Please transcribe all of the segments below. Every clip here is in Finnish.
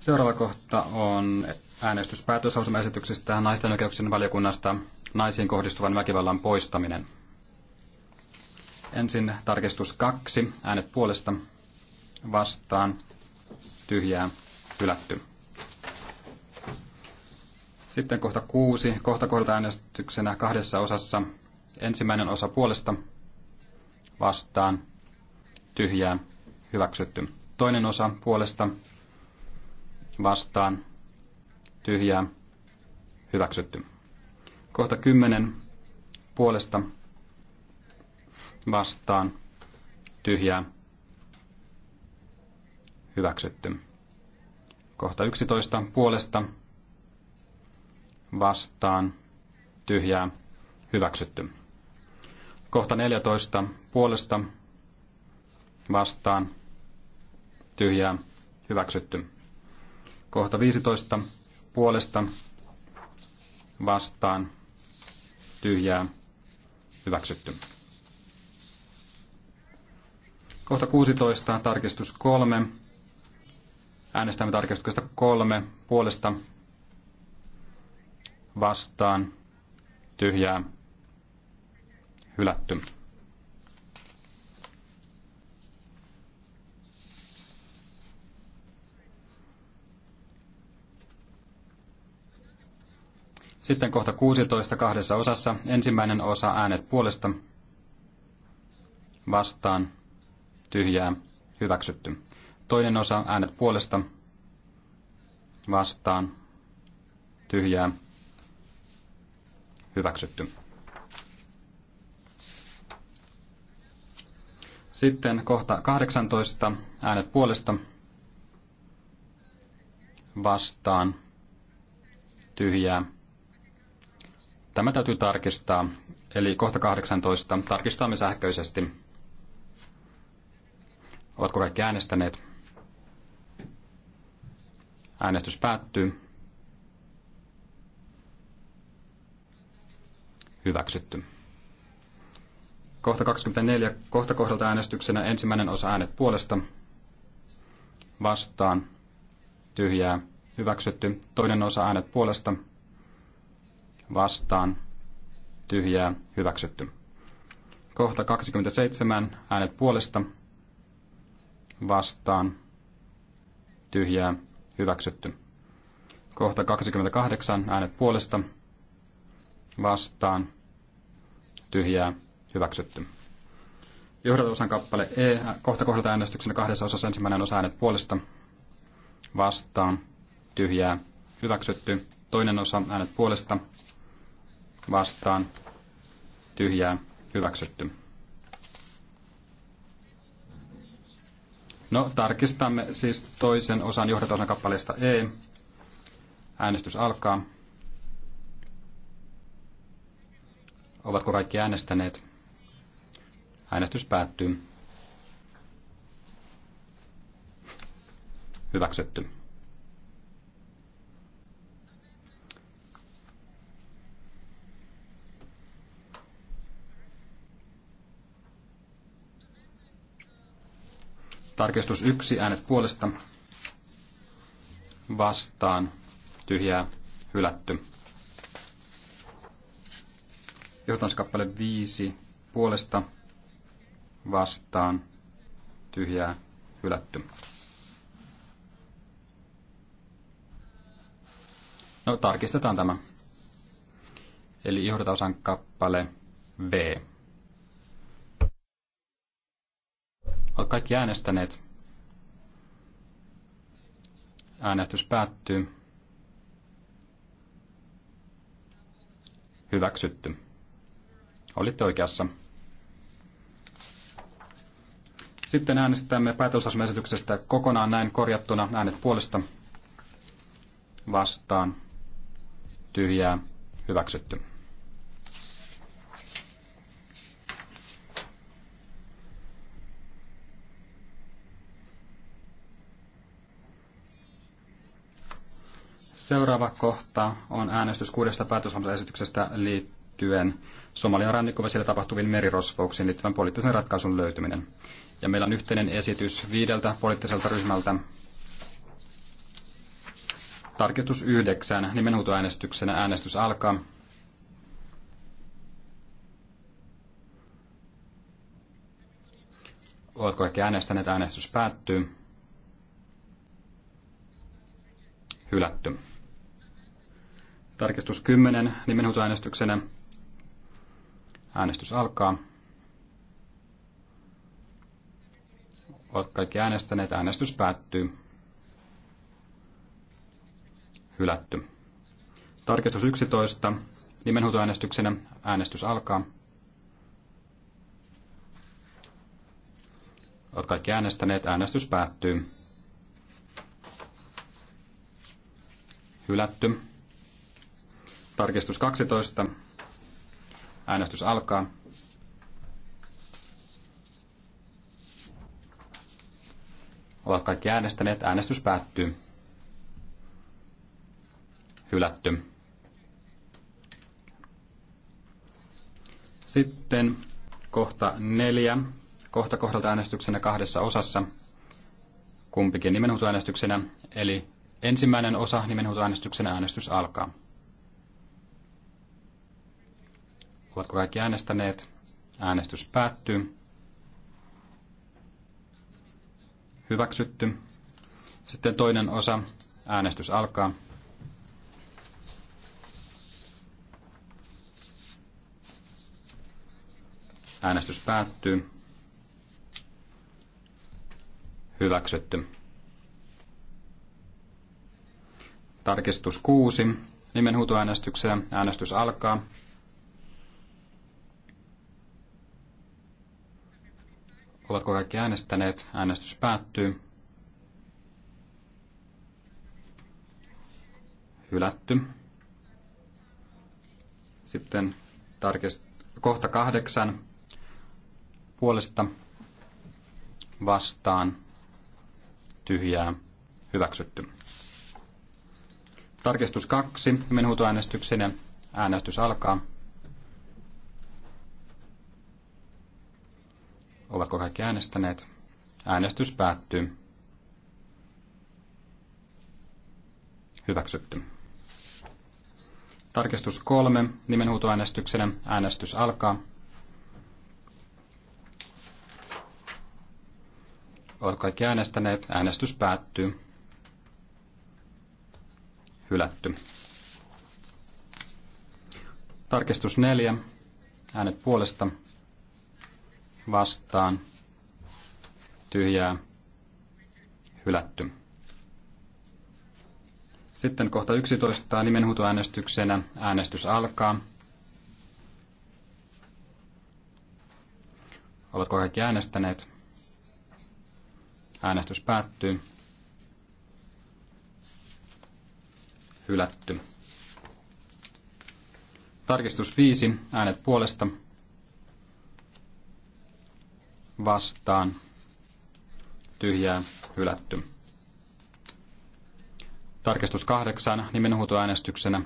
Seuraava kohta on äänestys esityksestä naisten oikeuksien valiokunnasta naisiin kohdistuvan väkivallan poistaminen. Ensin tarkistus kaksi, äänet puolesta, vastaan, tyhjää, hylätty. Sitten kohta kuusi, kohta kohdalta äänestyksenä kahdessa osassa. Ensimmäinen osa puolesta, vastaan, tyhjää, hyväksytty. Toinen osa puolesta, vastaan tyhjää hyväksytty. Kohta 10 puolesta vastaan tyhjää hyväksytty. Kohta 11 puolesta vastaan tyhjää hyväksytty. Kohta 14 puolesta vastaan tyhjää hyväksytty. Kohta 15 puolesta vastaan tyhjää hyväksytty. Kohta 16 tarkistus 3. Äänestämme tarkistuksesta 3 puolesta vastaan tyhjää hylätty. Sitten kohta 16 kahdessa osassa. Ensimmäinen osa äänet puolesta vastaan tyhjää hyväksytty. Toinen osa äänet puolesta vastaan tyhjää hyväksytty. Sitten kohta 18 äänet puolesta vastaan tyhjää Tämä täytyy tarkistaa, eli kohta 18 tarkistamme sähköisesti. Ovatko kaikki äänestäneet? Äänestys päättyy. Hyväksytty. Kohta 24. Kohta kohdalta äänestyksenä ensimmäinen osa äänet puolesta. Vastaan. Tyhjää. Hyväksytty. Toinen osa äänet puolesta vastaan, tyhjää, hyväksytty. Kohta 27, äänet puolesta, vastaan, tyhjää, hyväksytty. Kohta 28, äänet puolesta, vastaan, tyhjää, hyväksytty. Johdatusan kappale E, kohta kohdalta äänestyksenä kahdessa osassa ensimmäinen osa äänet puolesta, vastaan, tyhjää, hyväksytty. Toinen osa äänet puolesta, vastaan tyhjää hyväksytty. No, tarkistamme siis toisen osan johdatosan kappaleesta E. Äänestys alkaa. Ovatko kaikki äänestäneet? Äänestys päättyy. Hyväksytty. Tarkistus yksi äänet puolesta vastaan tyhjää hylätty. Johtanskappale 5 puolesta vastaan tyhjää hylätty. No tarkistetaan tämä. Eli osan kappale V. Olet kaikki äänestäneet. Äänestys päättyy. Hyväksytty. Olitte oikeassa. Sitten äänestämme päätösasemaesityksestä kokonaan näin korjattuna äänet puolesta vastaan tyhjää hyväksytty. Seuraava kohta on äänestys kuudesta päätöslauselmaesityksestä liittyen Somalian rannikkovesillä tapahtuviin merirosvouksiin liittyvän poliittisen ratkaisun löytyminen. Ja meillä on yhteinen esitys viideltä poliittiselta ryhmältä. Tarkistus yhdeksän nimenhuutoäänestyksenä äänestys alkaa. Oletko kaikki äänestäneet? Äänestys päättyy. Hylätty. Tarkistus 10 nimenhuutoäänestyksenä. Äänestys alkaa. Ovat kaikki äänestäneet. Äänestys päättyy. Hylätty. Tarkistus 11 nimenhuutoäänestyksenä. Äänestys alkaa. Ovat kaikki äänestäneet. Äänestys päättyy. Hylätty. Tarkistus 12. Äänestys alkaa. Ovat kaikki äänestäneet. Äänestys päättyy. Hylätty. Sitten kohta neljä. Kohta kohdalta äänestyksenä kahdessa osassa. Kumpikin nimenhuutoäänestyksenä. Eli ensimmäinen osa nimenhuutoäänestyksenä äänestys alkaa. Ovatko kaikki äänestäneet? Äänestys päättyy. Hyväksytty. Sitten toinen osa. Äänestys alkaa. Äänestys päättyy. Hyväksytty. Tarkistus 6. Nimenhuutoäänestykseen. Äänestys alkaa. Ovatko kaikki äänestäneet? Äänestys päättyy. Hylätty. Sitten tarkist... kohta kahdeksan puolesta vastaan tyhjää hyväksytty. Tarkistus kaksi. ja äänestys alkaa. Ovatko kaikki äänestäneet? Äänestys päättyy. Hyväksytty. Tarkistus kolme nimenhuutoäänestyksenä. Äänestys alkaa. Oletko kaikki äänestäneet? Äänestys päättyy. Hylätty. Tarkistus neljä. Äänet puolesta vastaan tyhjää hylätty. Sitten kohta 11 nimenhuutoäänestyksenä äänestys alkaa. Oletko kaikki äänestäneet? Äänestys päättyy. Hylätty. Tarkistus 5. Äänet puolesta vastaan tyhjää hylätty. Tarkistus kahdeksan nimenhuutoäänestyksenä.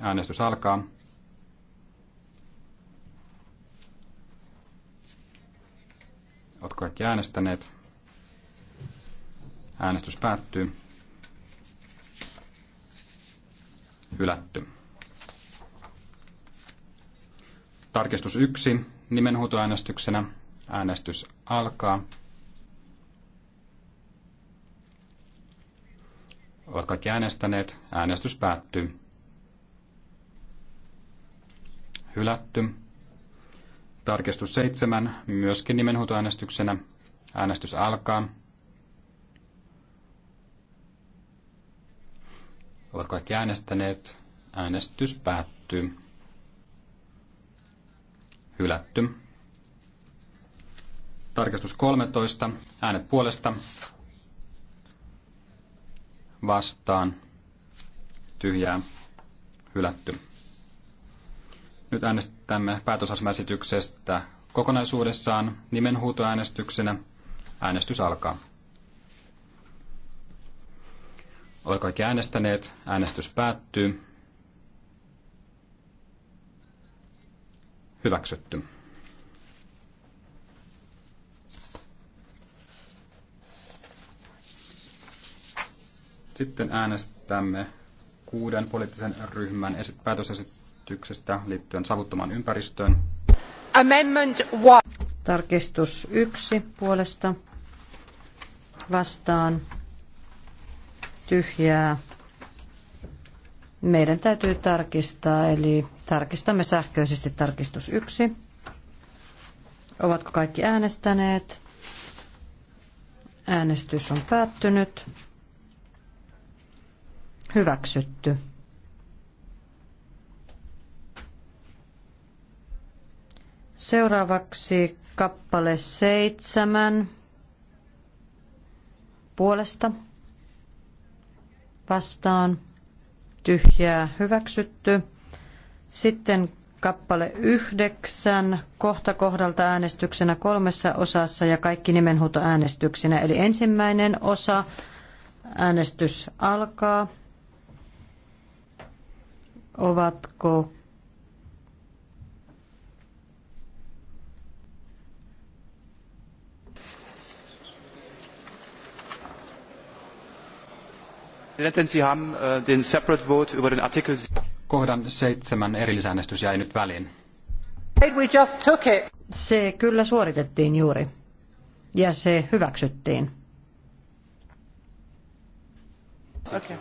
Äänestys alkaa. Oletko kaikki äänestäneet? Äänestys päättyy. Hylätty. Tarkistus 1 nimenhuutoäänestyksenä. Äänestys alkaa. Ovat kaikki äänestäneet. Äänestys päättyy. Hylätty. Tarkistus 7, myöskin nimenhuutoäänestyksenä. Äänestys alkaa. Ovat kaikki äänestäneet. Äänestys päättyy. Hylätty. Tarkistus 13. Äänet puolesta. Vastaan. Tyhjää. Hylätty. Nyt äänestämme päätösasemäsityksestä kokonaisuudessaan nimenhuutoäänestyksenä. Äänestys alkaa. Ole kaikki äänestäneet. Äänestys päättyy. Hyväksytty. Sitten äänestämme kuuden poliittisen ryhmän päätösesityksestä liittyen savuttomaan ympäristöön. Amendment one. Tarkistus yksi puolesta vastaan tyhjää. Meidän täytyy tarkistaa, eli tarkistamme sähköisesti tarkistus yksi. Ovatko kaikki äänestäneet? Äänestys on päättynyt. Hyväksytty. Seuraavaksi kappale seitsemän puolesta vastaan tyhjää hyväksytty. Sitten kappale yhdeksän kohta kohdalta äänestyksenä kolmessa osassa ja kaikki nimenhuutoäänestyksinä. Eli ensimmäinen osa äänestys alkaa ovatko äh, Kohdan seitsemän erillisäänestys jäi nyt väliin. Se kyllä suoritettiin juuri. Ja se hyväksyttiin. Okay.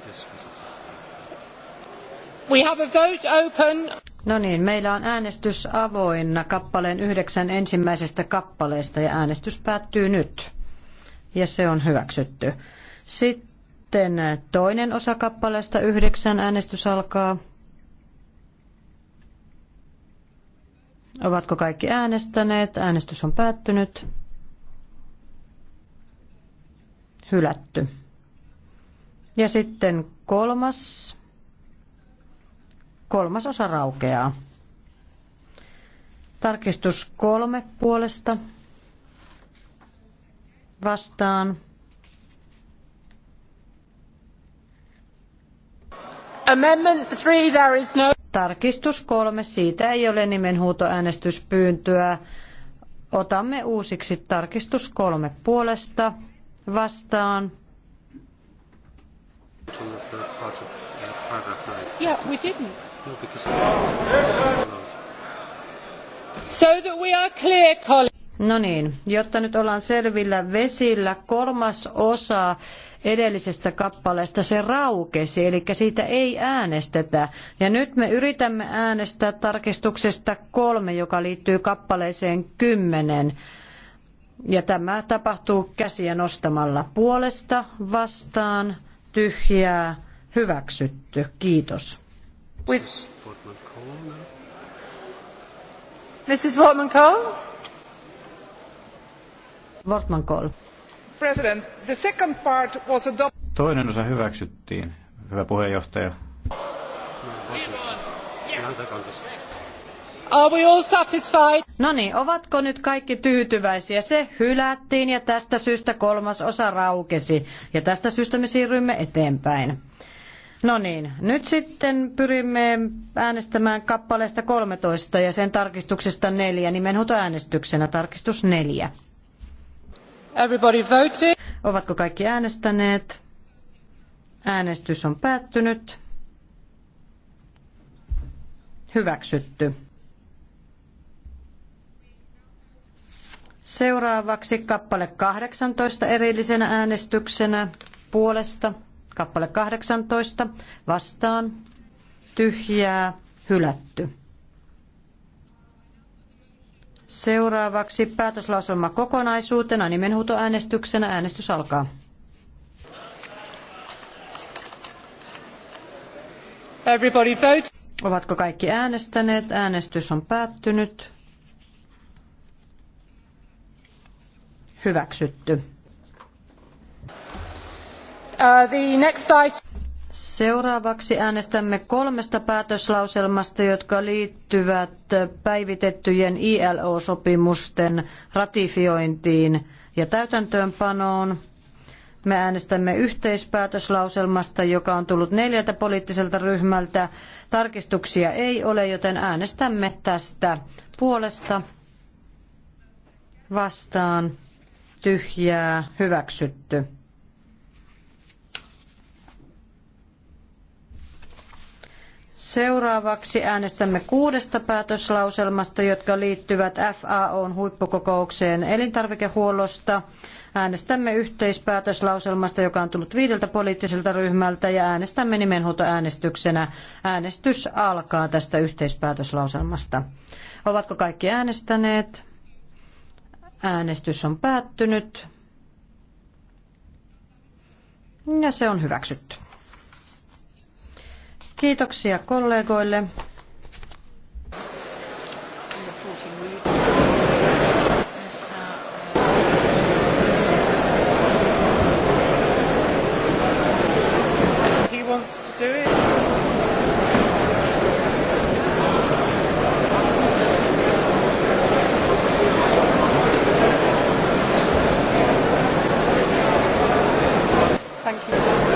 We have a vote open. No niin, meillä on äänestys avoinna kappaleen yhdeksän ensimmäisestä kappaleesta ja äänestys päättyy nyt. Ja se on hyväksytty. Sitten toinen osa kappaleesta yhdeksän äänestys alkaa. Ovatko kaikki äänestäneet? Äänestys on päättynyt. Hylätty. Ja sitten kolmas kolmas osa raukeaa. Tarkistus kolme puolesta vastaan. Amendment three, there is no... Tarkistus kolme, siitä ei ole nimenhuutoäänestyspyyntöä. Otamme uusiksi tarkistus kolme puolesta vastaan. Uh, yeah, we didn't. No, because... So that we are clear, No niin, jotta nyt ollaan selvillä vesillä, kolmas osa edellisestä kappaleesta, se raukesi, eli siitä ei äänestetä. Ja nyt me yritämme äänestää tarkistuksesta kolme, joka liittyy kappaleeseen kymmenen. Ja tämä tapahtuu käsiä nostamalla puolesta, vastaan, tyhjää, hyväksytty. Kiitos. Mrs. President, Toinen osa hyväksyttiin, hyvä puheenjohtaja. Are we all satisfied? No niin, ovatko nyt kaikki tyytyväisiä? Se hylättiin ja tästä syystä kolmas osa raukesi. Ja tästä syystä me siirrymme eteenpäin. No niin, nyt sitten pyrimme äänestämään kappaleesta 13 ja sen tarkistuksesta 4 äänestyksenä Tarkistus 4. Everybody voted. Ovatko kaikki äänestäneet? Äänestys on päättynyt. Hyväksytty. Seuraavaksi kappale 18 erillisenä äänestyksenä puolesta Kappale 18 vastaan tyhjää hylätty. Seuraavaksi päätöslauselma kokonaisuutena nimenhuutoäänestyksenä. Äänestys alkaa. Everybody vote. Ovatko kaikki äänestäneet? Äänestys on päättynyt. Hyväksytty. Uh, Seuraavaksi äänestämme kolmesta päätöslauselmasta, jotka liittyvät päivitettyjen ILO-sopimusten ratifiointiin ja täytäntöönpanoon. Me äänestämme yhteispäätöslauselmasta, joka on tullut neljältä poliittiselta ryhmältä. Tarkistuksia ei ole, joten äänestämme tästä puolesta vastaan tyhjää hyväksytty. Seuraavaksi äänestämme kuudesta päätöslauselmasta, jotka liittyvät FAOn huippukokoukseen elintarvikehuollosta. Äänestämme yhteispäätöslauselmasta, joka on tullut viideltä poliittiselta ryhmältä ja äänestämme nimenhuutoäänestyksenä. Äänestys alkaa tästä yhteispäätöslauselmasta. Ovatko kaikki äänestäneet? Äänestys on päättynyt. Ja se on hyväksytty. Kiitoksia kollegoille. Thank you.